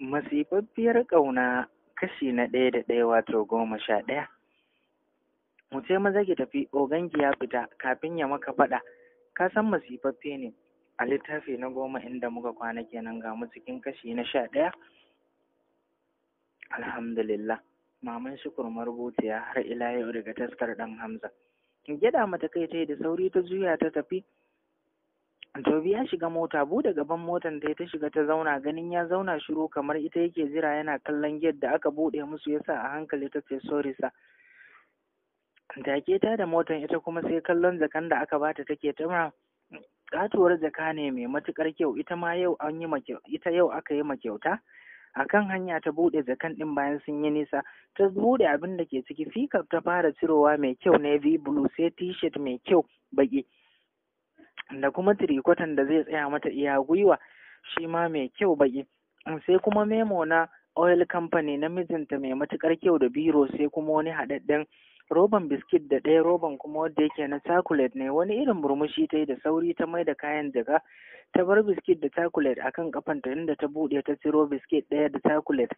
masifaffiyar ƙauna kashi na ɗaya da ɗaya wato goma sha ɗaya Mu ce maza ki tafi oganki ya fita kafin ya maka faɗa ka san masifaffe ne a littafi na goma inda muka kwana kenan ga mu cikin kashi na sha ɗaya alhamdulillah maman shukur marubuciya har ila yau daga taskar ɗan hamza gyada mata kai yi da sauri ta juya ta tafi Jobi ya shiga mota da gaban motan da ta shiga ta zauna ganin ya zauna shiru kamar ita yake jira yana kallon gate da aka bude musu yasa a hankali ta ce sorry sa. ke ta da motan ita kuma sai kallon jakan da aka bata take ta katuwar jaka ne mai matukar kyau ita ma yau an yi ita yau aka yi makyauta akan hanya ta bude jakan din bayan sun yi nisa ta bude abin da ke ciki fikar ta fara cirowa mai kyau navy blue sai t-shirt mai kyau baki da kuma tirikotan da zai tsaya mata iya gwiwa shi ma mai kyau baki mm, sai kuma memo na oil company na mijinta mai matukar kyau da biro sai kuma wani haɗaɗɗen roban biskit da ɗaya roban kuma wadda yake na chocolate ne wani irin murmushi ta yi da sauri ta mai da kayan jaka ta bar biskit da chocolate akan ƙafanta, inda ta buɗe ta ciro biskit ɗaya da chocolate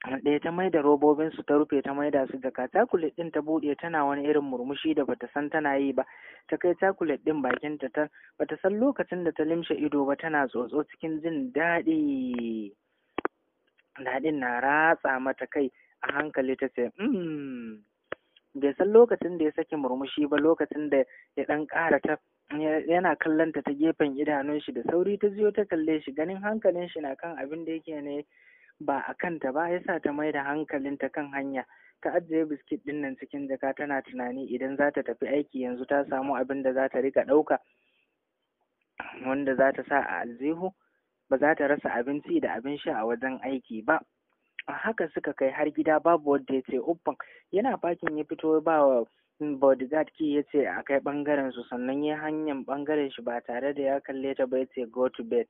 ɗaya ta maida robobin su ta rufe ta mai da su jaka cakulet ɗin ta buɗe tana wani irin murmushi da bata san tana yi ba ta kai cakulet ɗin bakin ta ta bata san lokacin da ta limshe ido ba tana tsotso cikin jin daɗi daɗin na ratsa mata kai a hankali ta ce hmm, bai san lokacin da ya saki murmushi ba lokacin da ya ɗan ƙara ta yana kallon ta ta gefen idanun shi da sauri ta ziyo ta kalle shi ganin hankalin shi na kan abin da yake ne ba a kanta ba ya sa ta mai da hankalinta kan hanya ta ajiye biskit ɗin nan cikin jaka tana tunani idan za ta tafi aiki yanzu ta samu abin da za ta rika ɗauka wanda za ta sa a aljihu ba za ta rasa abinci da abin sha a wajen aiki ba a haka suka kai har gida babu wanda ya ce uffan yana fakin ya fito ba wa bodyguard key ya ce a kai ɓangaren su sannan ya hanyar ɓangaren shi ba tare da ya kalle ta ba ya ce go to bed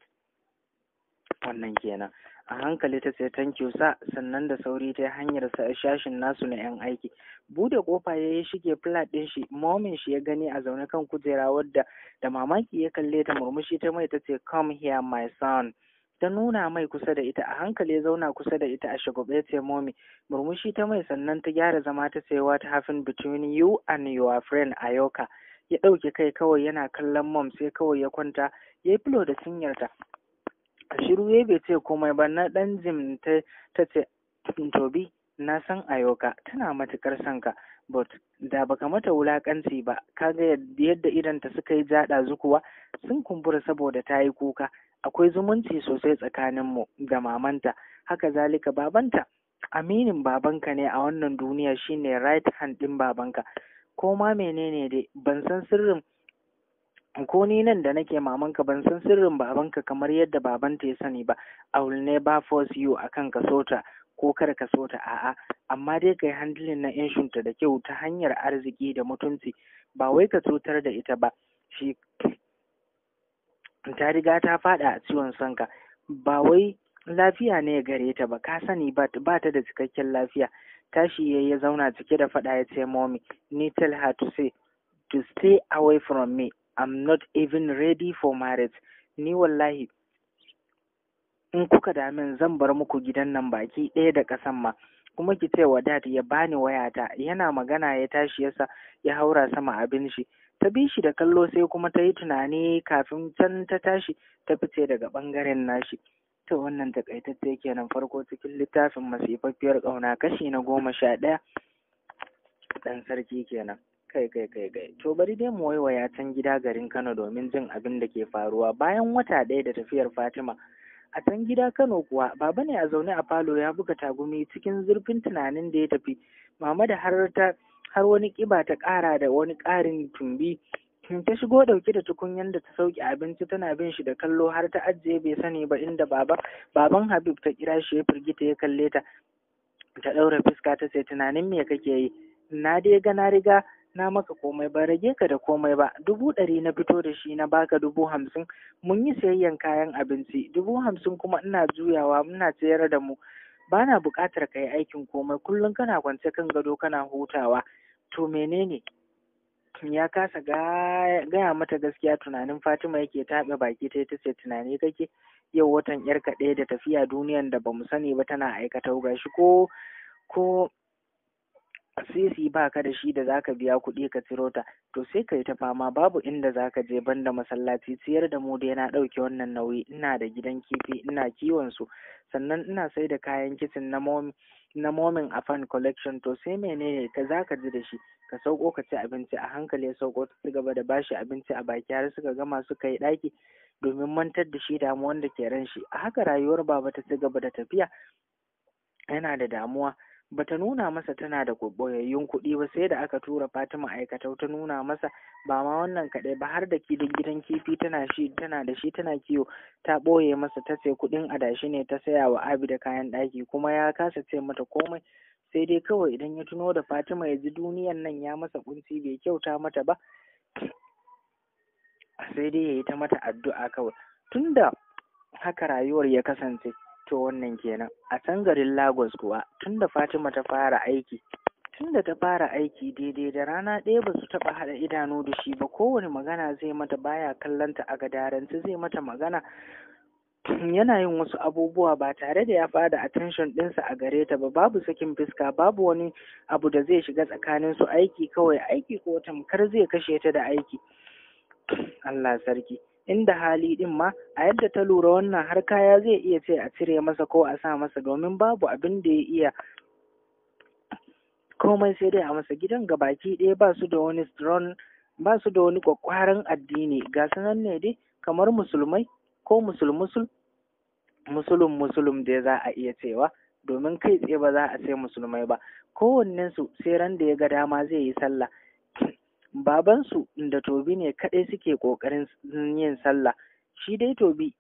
wannan kenan a hankali ta sai tankiyo sa sannan da sauri ta hanyar sa shashin nasu na yan aiki bude kofa ya yi shige flat din shi momin shi ya gani a zaune kan kujera wadda da mamaki ya kalle ta murmushi ta mai ta ce come here my son ta nuna mai kusa da ita a hankali ya zauna kusa da ita a shagwabe ya ce momi murmushi ta mai sannan ta gyara zama ta ce what happened between you and your friend ayoka ya ɗauke kai kawai yana kallon mom sai kawai ya kwanta ya yi filo da cinyarta A shiru ya bai ce komai ba na ɗan jim ta ce tobi na san ayoka tana matukar son ka but da baka mata wulakanci ba kaga yadda idanta suka yi jada zukuwa sun kumbura saboda ta yi kuka akwai zumunci sosai tsakanin mu da mamanta haka zalika babanta aminin babanka ne a wannan duniya shine right hand din babanka ko ma menene dai ban san sirrin ko ni nan da nake mamanka ban san sirrin babanka kamar yadda babanta ya sani ba I will never force you akan ka sota ko kar ka sota a'a amma dai kai handling na inshunta da kyau ta hanyar arziki da mutunci ba wai ka cutar da ita ba shi ta riga ta faɗa a ciwon sanka ba wai lafiya ne gare ta ba ka sani ba ta da cikakken lafiya tashi ya ya zauna cike da faɗa ya ce mommy ni tell her to say to stay away from me am not even ready for marriage ni wallahi in kuka damin zan bar muku gidan nan baki ɗaya da ƙasan ma kuma ki ce wa dad ya bani wayata yana magana ya tashi yasa ya haura sama abin shi ta bi shi da kallo sai kuma ta yi tunani kafin can ta tashi ta fice daga ɓangaren nashi ta wannan takaitacce kenan farko cikin littafin masifaffiyar ƙauna kashi na goma sha ɗaya ɗan sarki kenan kai kai kai kai to bari dai mu waiwaya can gida garin Kano domin jin abin da ke faruwa bayan wata ɗaya da tafiyar Fatima a can gida Kano kuwa baba ne a zaune a falo ya buga tagumi cikin zurfin tunanin da ya tafi mama da har ta har wani kiba ta ƙara da wani ƙarin tumbi ta shigo dauke da tukunyan da ta sauke abinci tana bin shi da kallo har ta ajiye bai sani ba inda baba baban Habib ta kira shi ya firgita ya kalle ta ta ɗaura fuska ta sai tunanin me kake yi na dai ga na riga na maka komai ba rage ka da komai ba dubu ɗari na fito da shi na baka dubu hamsin mun yi sayayyan kayan abinci dubu hamsin kuma ina juyawa muna sayar da mu ba na buƙatar ka yi aikin komai kullum kana kwance kan gado kana hutawa to menene ya kasa gaya mata gaskiya tunanin fatima yake taɓa baki ta ta ce tunani kake yau watan yar ɗaya da tafiya duniyan da bamu sani ba tana aikata gashi ko ko sisi ba ka da shi da za ka biya kuɗi ka ciro ta to sai ka yi ta fama babu inda zaka je ban da masallaci ciyar da mu da yana ɗauke wannan nauyi ina da gidan kifi ina kiwon su sannan ina sai da kayan kicin na momi momin a fan collection to sai menene ka za ka ji da shi ka sauko ka ci abinci a hankali ya sauko ta ci gaba da bashi abinci a baki har suka gama suka yi ɗaki domin mantar da shi damuwan da ke ran shi a haka rayuwar baba ta ci gaba da tafiya yana da damuwa Ba ta nuna masa tana da ɓoyayyun kuɗi ba sai da aka tura Fatima aikatau ta nuna masa ba ma wannan kaɗai ba har da kidin gidan kifi tana shi tana da shi tana kiwo ta ɓoye masa ta ce kuɗin adashi ne ta saya wa Abi da kayan ɗaki kuma ya kasa ce mata komai sai dai kawai idan ya tuno da Fatima ya ji duniyan nan ya masa kunci bai kyauta mata ba sai dai ya yi ta mata addu'a kawai tunda haka rayuwar ya kasance to wannan kenan a can garin lagos kuwa tunda fatima ta fara aiki tunda ta fara aiki daidai da rana ɗaya ba su taɓa haɗa idanu da shi ba kowane magana zai mata baya kallonta a gadaranta zai mata magana yana yin wasu abubuwa ba tare da ya fada attention ɗinsa a gare ta ba babu sakin fuska babu wani abu da zai shiga tsakanin su aiki kawai aiki ko tamkar zai kashe ta da aiki Allah sarki inda hali din ma a yadda ta lura wannan har kaya zai iya ce a cire masa ko a sa masa domin babu abin da ya iya komai sai dai a masa gidan ga baki ɗaya ba su da wani strong ba su da wani kwakwaran addini ga sanan ne dai kamar musulmai ko musulmusul musulun musulun dai za a iya cewa domin kai tsaye ba za a ce musulmai ba kowannensu sai ran da ya ga dama zai yi sallah babansu da tobi ne kaɗai suke ƙoƙarin yin sallah shi dai tobi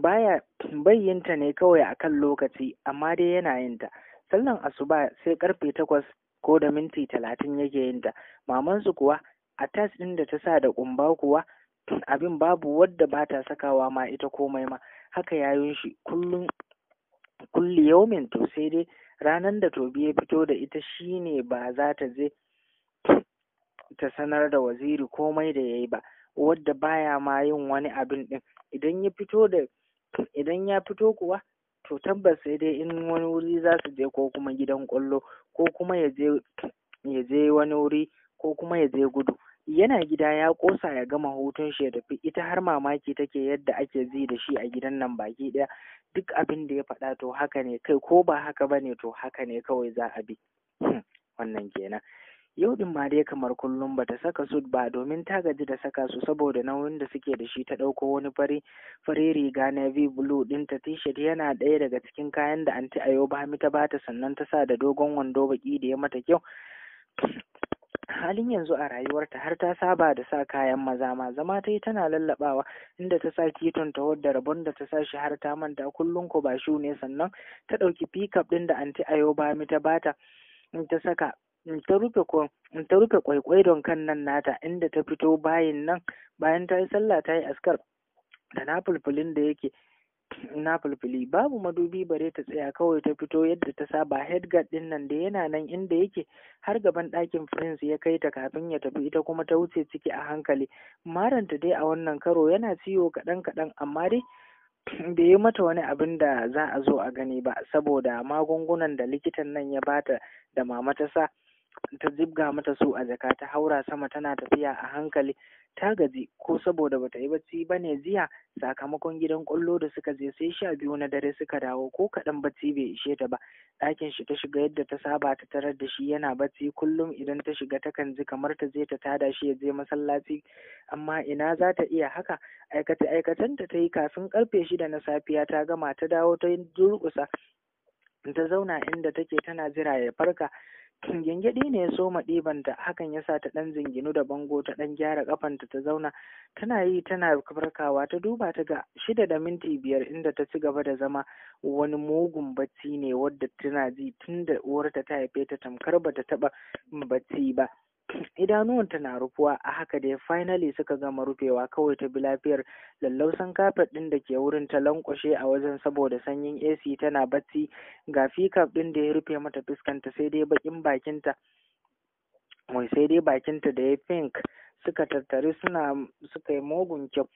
baya bayyinta ne kawai akan lokaci amma dai yana yinta sallan asuba sai karfe takwas ko da minti talatin yake yinta mamansu kuwa a tas ɗin da ta sa da ƙumba kuwa abin babu wadda ba ta sakawa ma ita komai ma haka yayin shi kullum kulli yaumin to sai dai ranar da tobi ya fito da ita shine ba za ta je ta sanar da waziri komai da ya yi ba wadda baya ma yin wani abin ɗin idan ya fito da idan ya fito kuwa to tabbas sai dai in wani wuri za su je ko kuma gidan kwallo ko kuma ya je wani wuri ko kuma ya je gudu yana gida ya kosa ya gama hutun shi ya tafi ita har mamaki take yadda ake zi da shi a gidan nan baki ɗaya duk abin da ya faɗa to haka ne kai ko ba haka bane to haka ne kawai za a bi hmm, wannan kenan Yau din ma dai kamar kullum bata saka sut ba domin ta gaji da saka su saboda nauyin da suke da shi ta ɗauko wani fari fari riga navy blue ta t-shirt yana ɗaya daga cikin kayan da anti ayo ba mi ta bata sannan ta sa da dogon wando baki da ya mata kyau. halin yanzu a rayuwarta har ta saba da sa kayan maza ma zama ta yi tana lallabawa inda ta sa kitun ta wadda rabon da ta sa shi har ta manta kullum ko ba shu ne sannan ta ɗauki pickup din da anti ayo ba mi ta bata ta saka ta rufe ta rufe kwaikwai don kan nan nata inda ta fito bayin nan bayan ta yi sallah ta yi askar da na fulfulin da yake na fulfuli babu madubi bare ta tsaya kawai ta fito yadda ta saba headguard din nan da yana nan inda yake har gaban ɗakin prince ya kai ta kafin ya tafi ita kuma ta wuce ciki a hankali maranta dai a wannan karo yana ciwo kaɗan kaɗan amma dai bai yi mata wani abin da za a zo a gani ba saboda magungunan da likitan nan ya bata da mama ta sa ta jibga mata su a jaka ta haura sama tana tafiya a hankali ta gaji ko saboda bata yi bacci ba ne jiya sakamakon gidan ƙwallo da suka je sai sha biyu na dare suka dawo ko kaɗan bacci bai ishe ta ba ɗakin shi ta shiga yadda ta saba ta tarar da shi yana bacci kullum idan ta shiga ta kan ji kamar ta je ta tada shi ya je masallaci amma ina za ta iya haka aikace aikatan ta ta yi kafin karfe shida na safiya ta gama ta dawo ta durƙusa ta zauna inda take tana jira ya farka gyangyaɗi ne ya soma ɗibanta hakan ya sa ta ɗan zinginu da bango ta ɗan gyara ƙafanta ta zauna tana yi tana farkawa ta duba ta ga shida da minti biyar inda ta ci gaba da zama wani mugun bacci ne wadda tana ji tunda da uwarta ta haife ta tamkar bata taɓa bacci ba idanuwanta na rufuwa a haka dai finally suka gama rufewa kawai ta bi lafiyar lallausan kafet ɗin da ke wurin ta lankwashe a wajen saboda sanyin AC tana bacci ga fikaf ɗin da ya rufe mata fuskanta sai dai bakin bakinta wai sai dai bakinta da ya pink suka tattare suna suka yi mugun kyau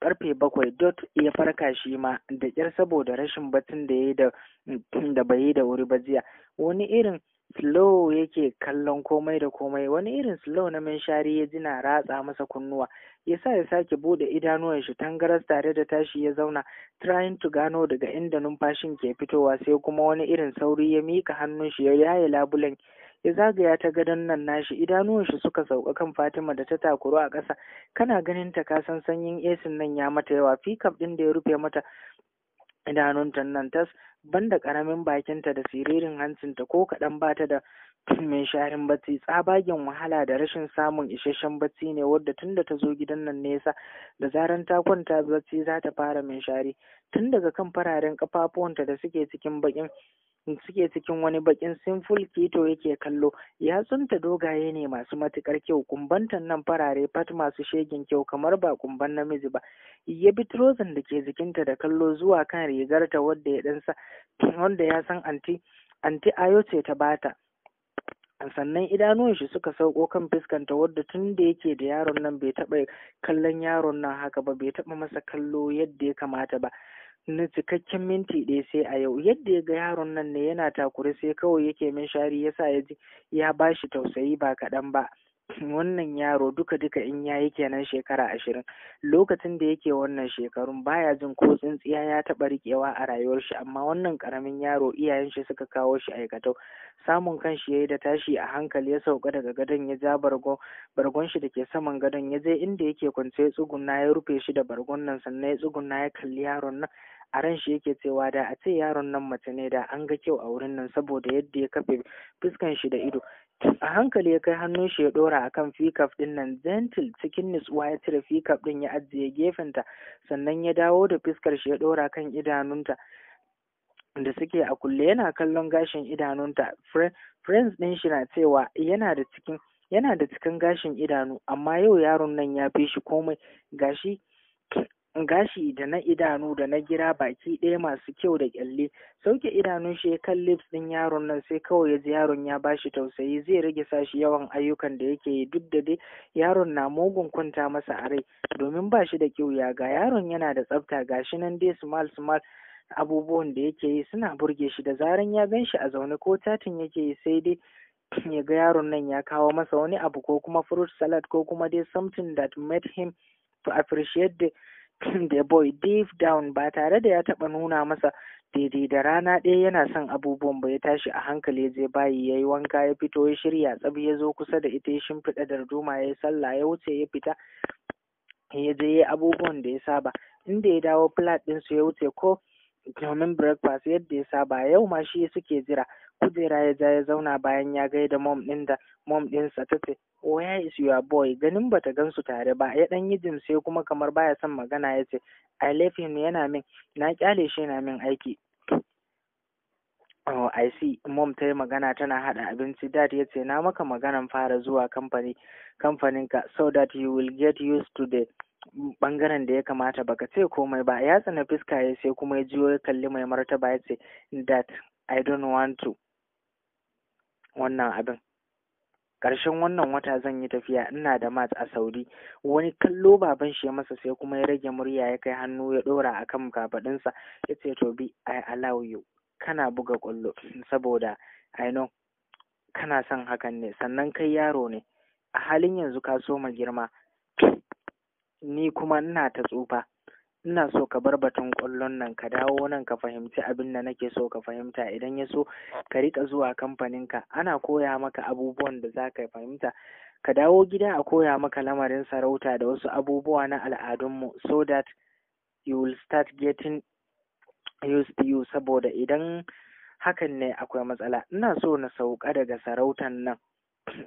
karfe bakwai dot ya farka shi ma da kyar saboda rashin baccin da ya yi da bai yi da wuri ba jiya wani irin slow yake kallon komai da komai wani irin slow na minshari ya jina ratsa masa kunnuwa Ya sa ya sake bude idanuwan shi tangaras tare da tashi ya zauna trying to gano daga inda numfashin ke fitowa sai kuma wani irin sauri ya mika hannun shi ya yaye labulen ya zagaya ta gadon nan nashi idanuwan shi suka sauka kan Fatima da ta takuru a ƙasa kana ganin ta kasan sanyin esin nan ya mata yawa fikap din da ya rufe mata idanunta nan tas banda karamin bakinta da siririn hancinta ko kaɗan ba ta da mai sharin bacci tsabagen wahala da rashin samun isasshen bacci ne wadda tun da ta zo gidan nan nesa da zaran ta kwanta bacci za ta fara mai shari tun daga kan fararen kafafuwanta da suke cikin bakin suke cikin wani bakin sinful keto yake kallo ya tsunta dogaye ne masu matukar kyau kumbantan nan farare fat masu shegin kyau kamar ba kumban namiji ba ya bi da ke jikinta da kallo zuwa kan rigarta wadda ya dansa wanda ya san anti anti ce ta bata sannan idanuwan shi suka sauko kan fuskanta wadda tun da yake da yaron nan bai taɓa kallon yaron nan haka ba bai taba masa kallo yadda ya kamata ba na cikakken minti ɗaya sai a yau yadda ya ga yaron nan ne yana takure sai kawai yake min shari yasa ya ji ya bashi tausayi ba kaɗan ba wannan yaro duka duka in yayi kenan shekara ashirin lokacin da yake wannan shekarun baya jin ko tsintsiya ya taɓa riƙewa a rayuwar shi amma wannan ƙaramin yaro iyayen shi suka kawo shi aikatau samun kan shi yayi da tashi a hankali ya sauka daga gadon ya ja bargon bargon shi ke saman gadon ya je inda yake kwance ya tsuguna ya rufe shi da bargon nan sannan ya tsuguna ya kalli yaron nan a ran shi yake cewa da a ce yaron nan mace ne da an ga kyau a wurin nan saboda yadda ya kafe fuskan shi da ido a hankali ya kai hannun shi ya dora akan fikaf din nan zentil cikin nutsuwa ya cire fikaf din ya ajiye gefenta sannan ya dawo da fiskar shi ya dora kan idanunta da suke a kulle yana kallon gashin idanunta friends din shi na cewa yana da cikin yana da cikin gashin idanu amma yau yaron nan ya fi shi komai gashi gashi da na idanu da na gira baki ɗaya masu kyau da kyalle sauke idanun shi ya kan lips ɗin yaron nan sai kawai ya ji yaron ya bashi tausayi zai rage sashi yawan ayyukan da yake yi duk da dai yaron na mugun kwanta masa a rai domin ba shi da kyau ya ga yaron yana da tsafta gashi nan dai small small abubuwan da yake yi suna burge shi da zaran ya gan shi a zaune ko tatin yake yi sai dai ya ga yaron nan ya kawo masa wani abu ko kuma fruit salad ko kuma dai something that made him to appreciate the the boy deep down ba tare da ya taɓa nuna masa daidai da rana ɗaya yana son abubuwan ba ya tashi a hankali zai bayi ya yi wanka ya fito ya shirya tsab ya zo kusa da ita ya shimfiɗa darduma ya yi sallah ya wuce ya fita ya je ya abubuwan da ya saba inda ya dawo flat ɗinsu ya wuce ko domin breakfast yadda ya saba yau ma shi suke jira kujera ya ja ya zauna bayan ya gaida mom ɗin da mom ɗinsa ta ce where is your boy ganin bata gansu tare ba ya ɗan yi jin sai kuma kamar baya son magana ya ce i left him yana min na kyale shi yana min aiki Oh, I see. Mom ta yi magana tana haɗa abinci. Dad ya ce, na maka maganan fara zuwa kamfani, kamfaninka so that you will get used to the bangaren da ya kamata baka ce komai ba ya tsana fiska ya sai kuma ya jiyo ya kalli mai martaba ya ce that i don't want to wannan abin ƙarshen wannan wata zan yi tafiya ina da mat a saudi wani kallo baban shi ya masa sai kuma ya rage murya ya kai hannu ya ɗora a kan kafaɗinsa ya ce to bi i allow you kana buga ƙwallo saboda i know kana son hakan ne sannan kai yaro ne a halin yanzu ka soma girma ni kuma ina ta tsufa ina so ka bar batun ƙwallon nan ka dawo nan ka fahimci abin da nake so ka fahimta idan ya so ka riƙa zuwa kamfaninka ana koya maka abubuwan da za ka fahimta ka dawo gida a koya maka lamarin sarauta da wasu abubuwa na al'adunmu so that you will start getting used to you saboda idan hakan ne akwai matsala ina so na sauka daga sarautan nan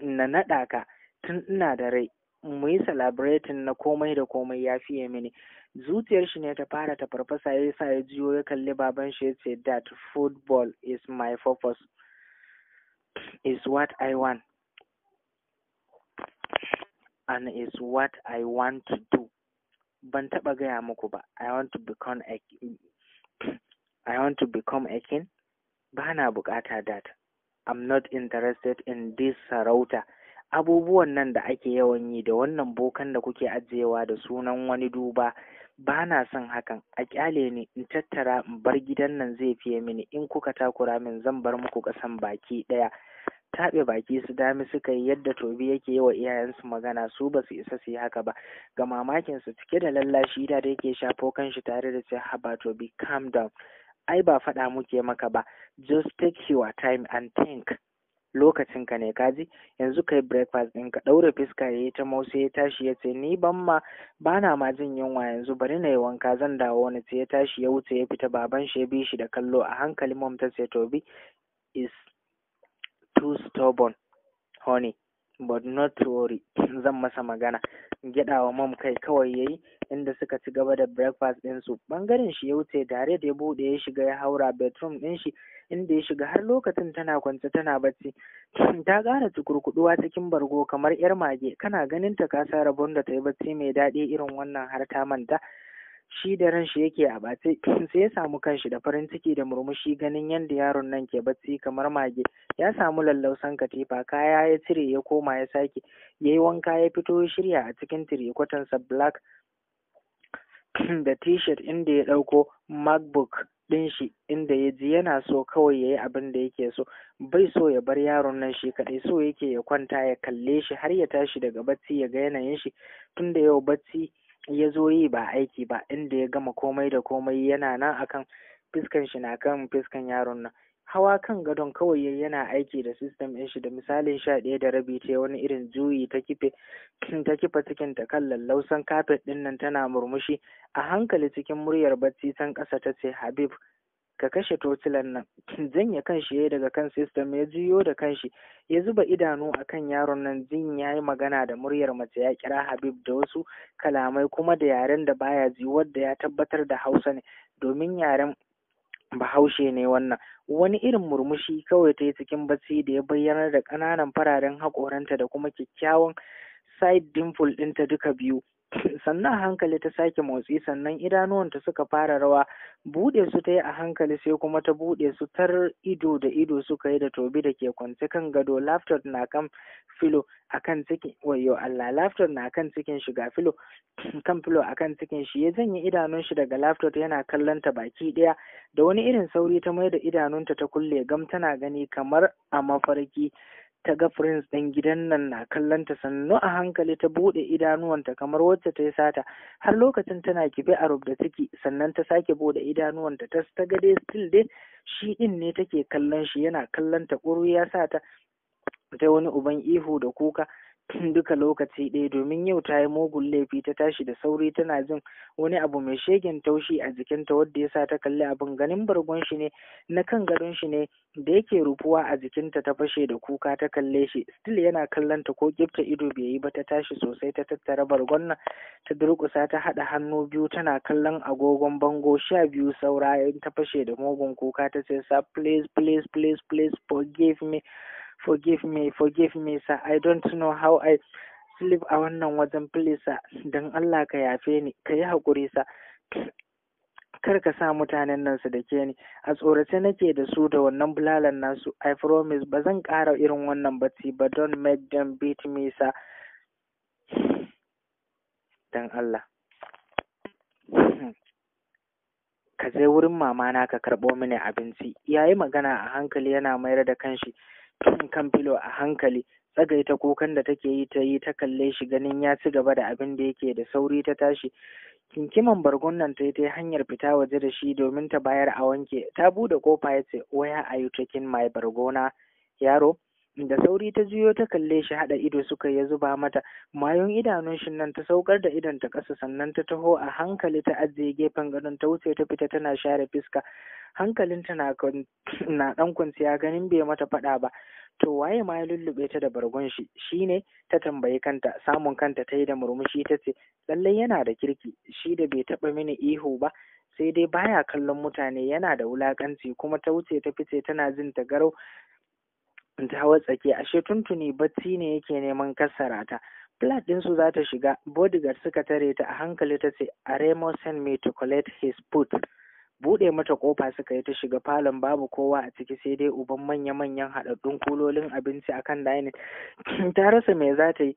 na naɗa ka tun ina da rai mu yi celebrating na komai da komai ya fiye mini zuciyar shi ne ta fara ta farfasa ya sa ya jiyo ya kalli baban shi ya ce that football is my purpose is what I want and is what I want to do ban taba gaya muku ba I want to become a I want to become a king ba na bukata that I'm not interested in this sarauta abubuwan nan da ake yawan yi da wannan bokan da kuke ajiyewa da sunan wani duba ba na son hakan a kyale ni in tattara in bar gidan nan zai fiye mini in kuka takura min zan bar muku kasan baki ɗaya taɓe baki su dami suka yi yadda tobi yake yi wa iyayensu magana su ba su isa su yi haka ba ga mamakin su cike da lallashi da da yake shafo kan shi tare da ce haba tobi calm down ai ba faɗa muke maka ba just take your time and think lokacin ka ne kaji yanzu kai breakfast ɗin ka ɗaure fiska yayi ta mausu ya tashi ya ce ni ban ma bana ma jin yunwa yanzu bari na yi wanka zan dawo wani ce ya tashi ya wuce ya fita baban shi ya bi shi da kallo a hankali mom ta ce to bi is too stubborn honey but not worry zan masa magana wa mom kai kawai yayi inda suka ci gaba da breakfast su ɓangaren shi ya wuce tare da ya bude ya shiga ya haura bedroom ɗin shi inda ya shiga har lokacin tana kwance tana bacci ta ƙara tukurkuduwa cikin bargo kamar yar mage kana ganin ta kasa rabon da ta yi bacci mai daɗi irin wannan har ta manta shi da ran shi yake a bace sai ya samu kanshi da farin ciki da murmushi ganin yadda yaron nan ke bacci kamar mage ya samu lallausan katifa kaya ya cire ya koma ya sake ya yi wanka ya fito ya shirya a cikin tirikwatansa black da t-shirt inda ya ɗauko macbook ɗin shi inda ya ji yana so kawai ya yi abin da yake so bai so ya bar yaron nan shi kaɗai so yake ya kwanta ya kalle shi har ya tashi daga bacci ya ga yanayin shi tunda yau bacci ya zo yi ba aiki ba inda ya gama komai da komai yana nan akan fiskan shi na kan fiskan yaron nan hawa kan gadon kawai yana aiki da system ɗin shi da misalin sha ɗaya da rabi ta wani irin juyi ta kife ta kifa cikin ta kan lallausan kafet ɗin nan tana murmushi a hankali cikin muryar bacci can ƙasa ta ce habib ka kashe tocilan nan ya kanshi ya daga kan system ya jiyo da kanshi ya zuba idanu akan yaron nan zin ya yi magana da muryar mace ya kira habib da wasu kalamai kuma da yaren da baya ji wadda ya tabbatar da hausa ne domin yaren bahaushe ne wannan wani irin murmushi kawai ta yi cikin bacci da ya bayyana da ƙananan fararen hakoranta da kuma kyakkyawan side dimple ɗinta duka biyu sannan hankali ta sake motsi sannan idanuwanta suka fara rawa buɗe su ta yi a hankali sai kuma ta buɗe su tar ido da ido suka yi da tobi da ke kwance kan gado laftar na kan filo a kan cikin wayo Allah laftar na kan cikin shi filo kan filo akan cikin shi ya janye idanun shi daga laftar yana kallon ta baki ɗaya da wani irin sauri ta mai da idanunta ta kulle gam tana gani kamar a mafarki ta ga prince ɗin gidan nan na kallonta sannu a hankali ta buɗe idanuwanta kamar wacce ta yi sata har lokacin tana kibe a rubda take sannan ta sake buɗe idanuwanta ta ta ga dai still dai shi ɗin ne take kallon shi yana kallon ta ƙuru ya sata ta wani uban ihu da kuka duka lokaci ɗaya domin yau ta yi mugun laifi ta tashi da sauri tana jin wani abu mai shegen taushi a jikinta wadda ya sa ta kalli abin ganin bargon shi ne na kan gadon shi ne da yake rufuwa a jikinta ta fashe da kuka ta kalle shi still yana kallon ta ko kifta ido bai yi ba ta tashi sosai ta tattara bargon nan ta durƙusa ta haɗa hannu biyu tana kallon agogon bango sha biyu saura ta fashe da mugun kuka ta ce sa please please please please forgive me forgive me forgive me sir i don't know how i sleep a wannan wajen please sir Don Allah ka yafe ni ka yi hakuri sir kar ka sa mutanen nan su da ke ni a tsorace nake da su da wannan bulalan nasu i promise ba zan ƙara irin wannan bacci ba don't make them beat me sir Don Allah ka je wurin mamana ka karɓo mini abinci yayi magana a hankali yana mayar da kanshi kan filo a hankali tsagai ta kukan da take yi ta yi ta kalle shi ganin ya ci gaba da abin da yake da sauri ta tashi kinkiman bargon nan ta yi ta hanyar fita waje da shi domin ta bayar a wanke ta bude kofa ya ce waya yi you my bargona yaro da sauri ta juyo ta kalle shi haɗa ido suka ya zuba mata mayon idanun shi nan ta saukar da idan ta ƙasa sannan ta taho a hankali ta ajiye gefen gadon ta wuce ta fita tana share fiska hankalinta na na dan kwanciya ganin bai mata faɗa ba to waye ma ya lullube ta da bargon shi shine ta tambayi kanta samun kanta ta yi da murmushi ta ce lallai yana da kirki shi da bai taba mini ihu ba sai dai baya kallon mutane yana da wulakanci kuma ta wuce ta fice tana jin ta garau ta watsake ashe tuntuni bacci ne yake neman kassara ta plat ɗinsu za ta shiga bodyguard suka tare ta a hankali ta ce remo send me to collect his boot. buɗe mata kofa suka yi ta shiga falon babu kowa a ciki sai dai uban manya-manyan haɗaɗɗun kulolin abinci a akan dining ta rasa me za ta yi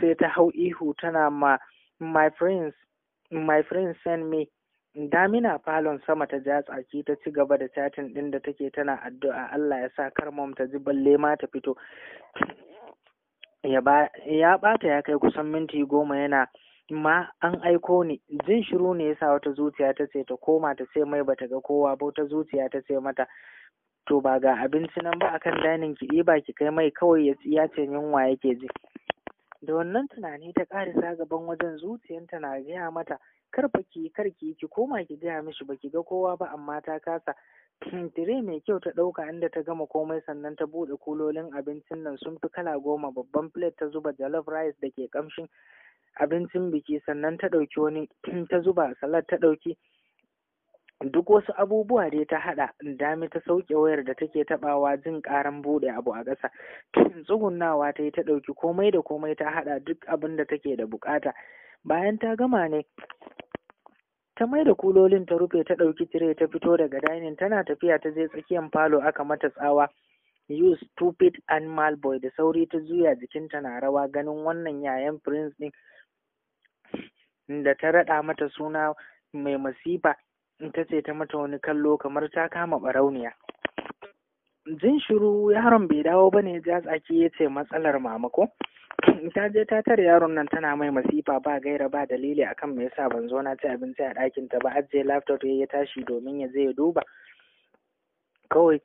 sai ta hau ihu tana ma my friends my friends send me Damina falon sama ta ja tsaki ta ci gaba da chatin ɗin da take tana addu'a Allah ya sa karmam ta ji balle ma ta fito. Ya ɓata ya kai kusan minti goma yana ma an aiko ni jin shiru ne yasa wata zuciya ta ce ta koma ta ce mai bata ga kowa ba wata zuciya ta ce mata to ba ga abinci nan ba akan dainin ki ba ki kai mai kawai ya ce yunwa yake ji. Da wannan tunani ta ƙarisa gaban wajen zuciyanta na gaya mata kar baki kar ki ki koma ki gaya mishi baki ga kowa ba amma ta kasa tire mai kyau ta ɗauka inda ta gama komai sannan ta buɗe kulolin abincin nan sun fi kala goma babban plate ta zuba jollof rice da ke kamshin abincin biki sannan ta ɗauki wani ta zuba salad ta ɗauki duk wasu abubuwa dai ta haɗa dami ta sauke wayar da take taɓawa jin ƙaran buɗe abu a ƙasa tsugunnawa ta yi ta ɗauki komai da komai ta haɗa duk abin da take da buƙata bayan ta gama ne ta mai da kulolin ta rufe ta ɗauki tire ta fito daga dining tana tafiya ta je tsakiyar falo aka mata tsawa you stupid animal boy da sauri ta juya jikinta na rawa ganin wannan yayan prince ɗin da ta raɗa mata suna mai masifa ta ce ta mata wani kallo kamar ta kama barauniya jin shiru yaron bai dawo bane ne, tsaki ya ce matsalar mama ko ta je ta tare yaron nan tana mai masifa ba gaira ba dalili akan me yasa ban zo na ci abinci a ɗakin ta ba ajiye laptop ya tashi domin ya je ya duba kawai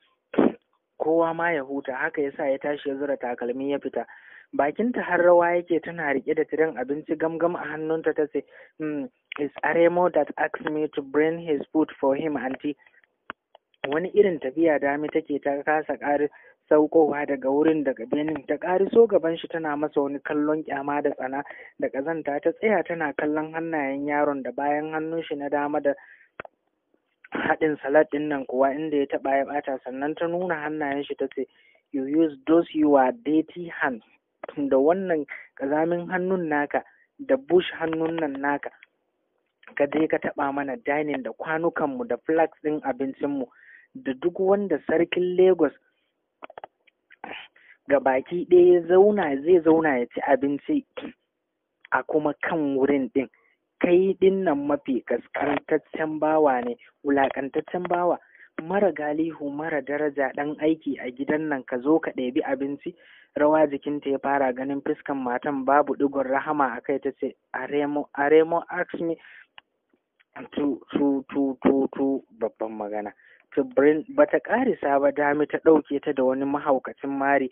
kowa ma ya huta haka yasa ya tashi ya zura takalmi ya fita bakinta har rawa yake tana rike da tirin abinci gamgam a hannunta ta ce hmm, is aremo that asked me to bring his food for him auntie wani irin tafiya dami take ta kasa ƙarin saukowa daga wurin daga benin ta ƙariso gaban shi tana masa wani kallon kyama da tsana da ƙazanta ta tsaya tana kallon hannayen yaron da bayan hannun shi na dama da haɗin salad ɗin nan kuwa inda ya taɓa ya ɓata sannan ta nuna hannayen shi ta ce you use those you are dirty hands da wannan ƙazamin hannun naka da bush hannun nan naka ka je ka taɓa mana dining da kwanukanmu da flags ɗin abincinmu da duk wanda sarkin lagos ga baki ɗaya ya zauna zai zauna ya ci abinci a kuma kan wurin ɗin kai ɗin nan mafi ƙasƙantaccen bawa ne wulaƙantaccen bawa mara galihu mara daraja ɗan aiki a gidan nan ka zo ka ɗebi abinci rawa jikinta ya fara ganin fuskan matan babu ɗigon rahama a kai ta ce aremo aremo ask me to to to to babban magana Fibril ta ƙarisa ba dami ta ɗauke ta da wani mahaukacin mari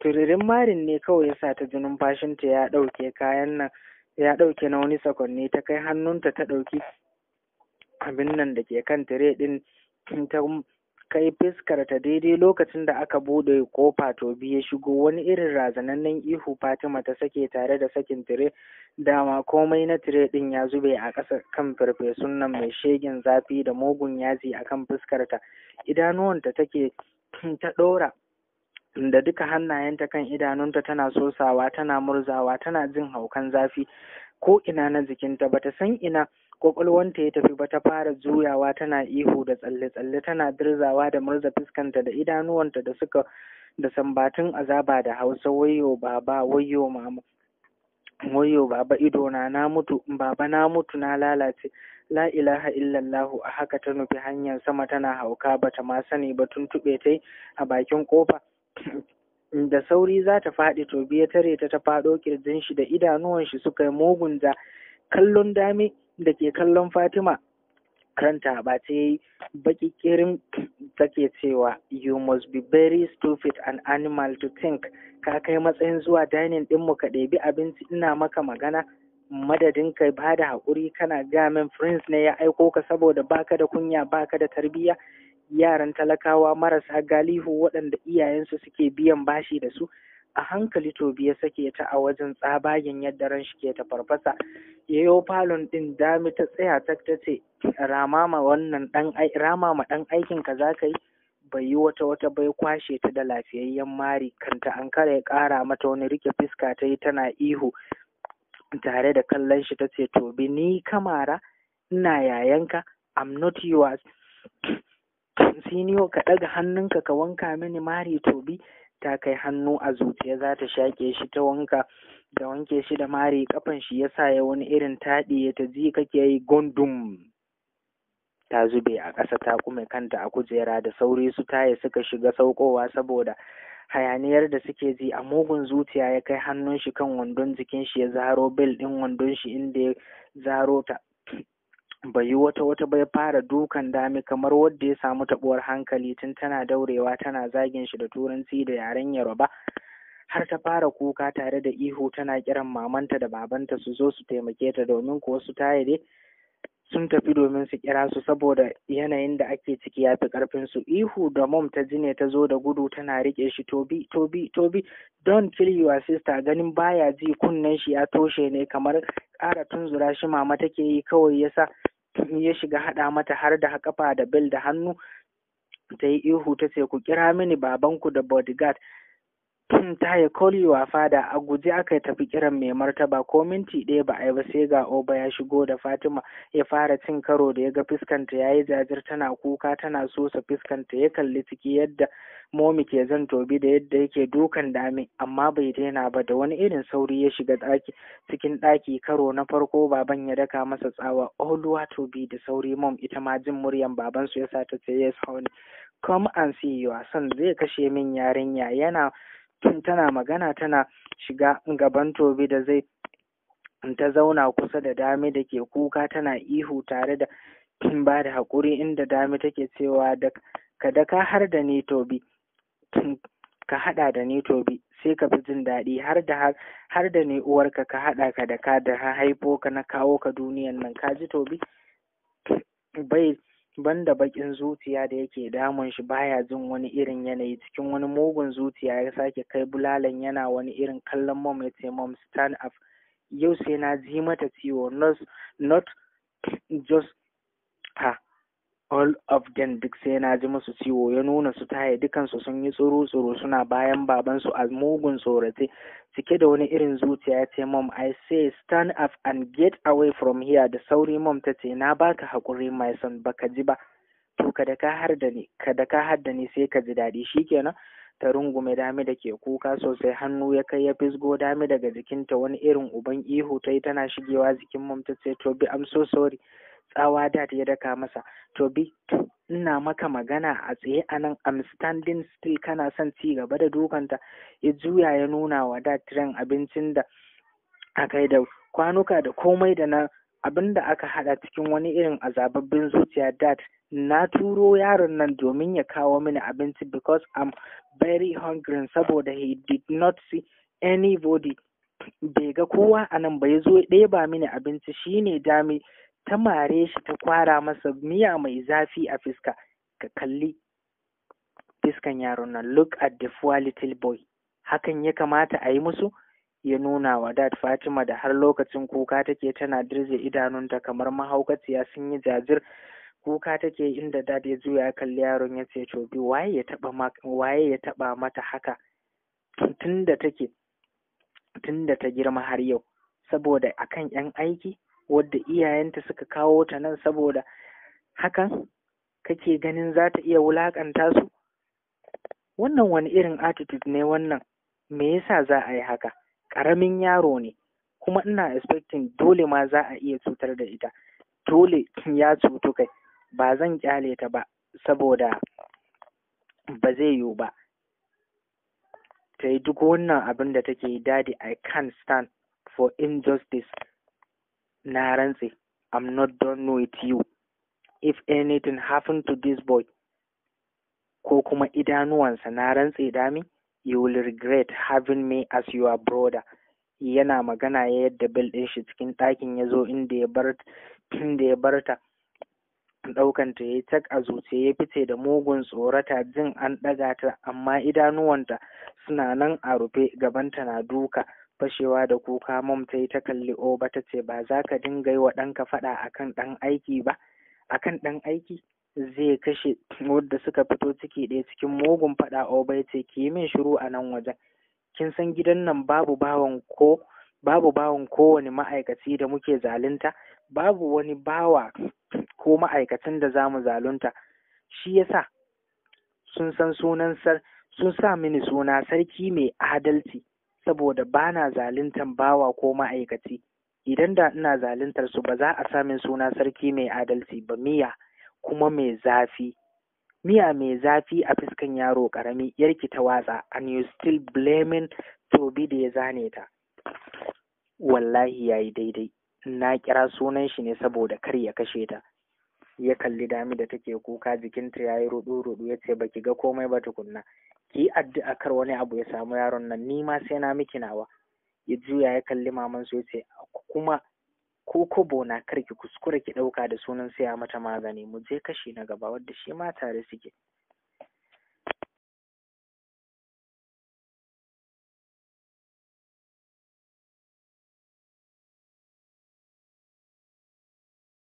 turirin marin ne kawai ya sa ta ji numfashinta ya ɗauke kayan nan ya ɗauke na wani sakonni ta kai hannunta ta ɗauki abin nan da ke kan tire ɗin ta kai fuskarta daidai lokacin da aka bude kofa to ya shigo wani irin razanannen ihu fatima ta sake tare da sakin tire dama komai na tire din ya zube a ƙasa kan farfesun nan mai shegin zafi da mugun yaji a kan fuskarta idanuwanta take ta ɗora da duka hannayenta kan idanunta tana sosawa tana murzawa tana jin haukan zafi ko ina na jikinta bata san ina kwakwalwanta ya tafi ba ta fara juyawa tana ihu da tsalle-tsalle tana dirzawa da murza fuskanta da idanuwanta da suka da sambatun azaba da hausa wayo baba wayo mama wayo baba ido na na mutu baba na mutu na lalace la ilaha illallahu a haka ta nufi hanyar sama tana hauka bata ma sani ba tuntube ta a bakin kofa da sauri za ta faɗi to biya tare ta ta faɗo kirjin shi da idanuwan shi suka yi mugun kallon dami da ke kallon Fatima kanta ba ta yi take cewa you must be very stupid and animal to think ka kai matsayin zuwa dining din mu ka ɗebi abinci ina maka magana madadin ka ba da haƙuri kana gamin min prince ne ya aiko ka saboda baka da kunya baka da tarbiyya yaran talakawa marasa galihu waɗanda iyayensu suke biyan bashi da su a hankali tobi ya sake ta a wajen tsabagen yadda ran shi ke ta farfasa yayo falon din dami ta tsaya ta ce rama ma wannan dan rama ma dan aikin ka zaka yi bai yi wata wata bai kwashe ta da lafiyayyen mari kanta an kare ya kara mata wani rike fiska ta yi tana ihu tare da kallon shi tace ce tobi ni kamara ina yayanka i'm not yours sinio ka ɗaga hannunka ka wanka mini mari tobi ta kai hannu a zuciya za ta shaƙe shi ta wanka da wanke shi da mari kafan shi yasa ya wani irin taɗi ya ta ji kake yi gondum ta zube a ƙasa ta kume kanta a kujera da sauri su taya suka shiga saukowa saboda hayaniyar da suke ji a mugun zuciya ya kai hannun shi kan wandon jikin shi ya zaro bil ɗin wandon shi inda ya zaro ta bai yi wata wata bai fara dukan dami kamar wadda ya samu taɓuwar hankali tun tana daurewa tana zagin shi da turanci da yaren ba. har ta fara kuka tare da ihu tana kiran mamanta da babanta su zo su taimake ta domin kuwa su tayyade. sun tafi domin su kira su saboda yanayin da ake ciki ya fi karfin su ihu da mom ta ji ne ta zo da gudu tana rike shi tobi tobi tobi don kill your sister ganin baya ji kunnen shi ya toshe ne kamar ƙara tunzura shi mama take yi kawai yasa ya shiga haɗa mata har da kafa da bel da hannu ta yi ihu ta ce ku kira mini babanku da bodyguard ta ya wa fada a guji aka tafi kiran mai martaba ko minti ɗaya ba a yi ba sai ga oba ya shigo da fatima ya fara cin karo da ya ga fuskanta ya yi jajir tana kuka tana sosa fuskanta ya kalli ciki yadda momi ke zan tobi da yadda yake dukan dami amma bai daina ba da wani irin sauri ya shiga ɗaki cikin ɗaki karo na farko baban ya daka masa tsawa oluwa oh, tobi da sauri mom ita ma jin muryan babansu ya sa ta ce yes honey come and see your son zai kashe min yarinya yana tun tana magana tana shiga gaban tobi da zai ta zauna kusa da dami da ke kuka tana ihu tare da ba da haƙuri inda dami take cewa da ka da ka har da ni tobi ka haɗa da ni tobi sai ka fi jin daɗi har da ni uwarka ka haɗa ka da ka da haifo ka na kawo ka duniyan nan ka ji tobi bai banda baƙin zuciya da yake damun shi baya jin wani irin yanayi cikin wani mugun zuciya ya sake kai bulalan yana wani irin kallon mom ya ce mom stand up yau sai na ji mata ciwo not not just ha all of them duk sai na ji musu ciwo ya nuna su taye dukansu sun yi tsoro tsoro suna bayan babansu a mugun tsorace cike da wani irin zuciya ya ce mom i say stand up and get away from here da sauri mom ta ce na baka haƙuri my son baka ji ba to kada ka har da ni ka har da sai ka ji daɗi shi kenan ta rungume dami da ke kuka sosai hannu ya kai ya fisgo dami daga jikinta wani irin uban ihu ta yi tana shigewa jikin mom ta ce to bi am so sorry tsawa dad ya daka masa to bi ina maka magana a tsaye a nan am standing still kana son ci gaba da ta ya juya ya nuna wa dad ran abincin da aka yi da kwanuka da komai da na abin da aka hada cikin wani irin azababbin zuciya dad na turo yaron nan domin ya kawo mini abinci because I'm very hungry saboda he did not see anybody bai ga kowa a nan ba ya zo ɗaya ba mini abinci shine dami ta mare shi ta kwara masa miya mai zafi a fiska ka kalli fiskan yaron nan look at the poor little boy hakan ya kamata a yi musu ya nuna wa dad Fatima da har lokacin kuka take tana dirje idanunta kamar mahaukaciya sun yi jajir kuka take inda dad ya juya kalli yaron ya ce cobi waye ya taba waye ya taba mata haka tunda take tunda ta girma har yau saboda akan yan aiki wadda iyayenta suka kawo ta nan saboda hakan kake ganin za ta iya wulakanta su wannan wani irin attitude ne wannan me yasa za a yi haka ƙaramin yaro ne kuma ina expecting dole ma za a iya cutar da ita dole ya cutu kai ba zan kyale ta ba saboda ba zai yiwu ba ta yi duk wannan abin da take yi Daddy, i can't stand for injustice na rantse I'm not done with you if anything happened to this boy ko kuma idanuwansa na rantse dami you will regret having me as your brother yana magana ya yadda Bill ɗin shi cikin ɗakin ya zo inda ya bar inda ya bar ta ɗaukan ta yayi tak a ya fice da mugun tsorata jin an ɗaga ta amma idanuwanta suna nan a rufe gabanta na duka fashewa da kuka mom ta yi ta kalli oba ta ce ba za ka dinga yi wa ɗanka faɗa a kan ɗan aiki ba akan ɗan aiki zai kashe wadda suka fito ciki ɗaya cikin mugun faɗa oba ya ce ki yi min shiru a nan wajen kin san gidan nan babu bawan ko babu bawan kowane ma'aikaci da muke zalunta babu wani bawa ko ma'aikacin da za mu zalunta shi yasa sun san sunan sar sun sa mini suna sarki mai adalci saboda ba na bawa ko ma'aikaci idan da ina zaluntar su ba za a sami suna sarki mai adalci ba miya kuma mai zafi miya mai zafi a fuskan yaro karami yarki ta watsa and you still blaming tobi da ya zane ta wallahi ya yi daidai na kira sunan shi ne saboda kar ya kashe ta ya kalli dami da take kuka jikinta ya yayi rudu rudu yace baki ga komai ba tukunna ki yi addu'a kar wani abu ya samu yaron nan ni ma sai na miki nawa ya juya ya kalli maman su yace kuma ko kobo na kar ki kuskura ki ɗauka da sunan saya mata magani mu je kashi na gaba wadda shi ma tare suke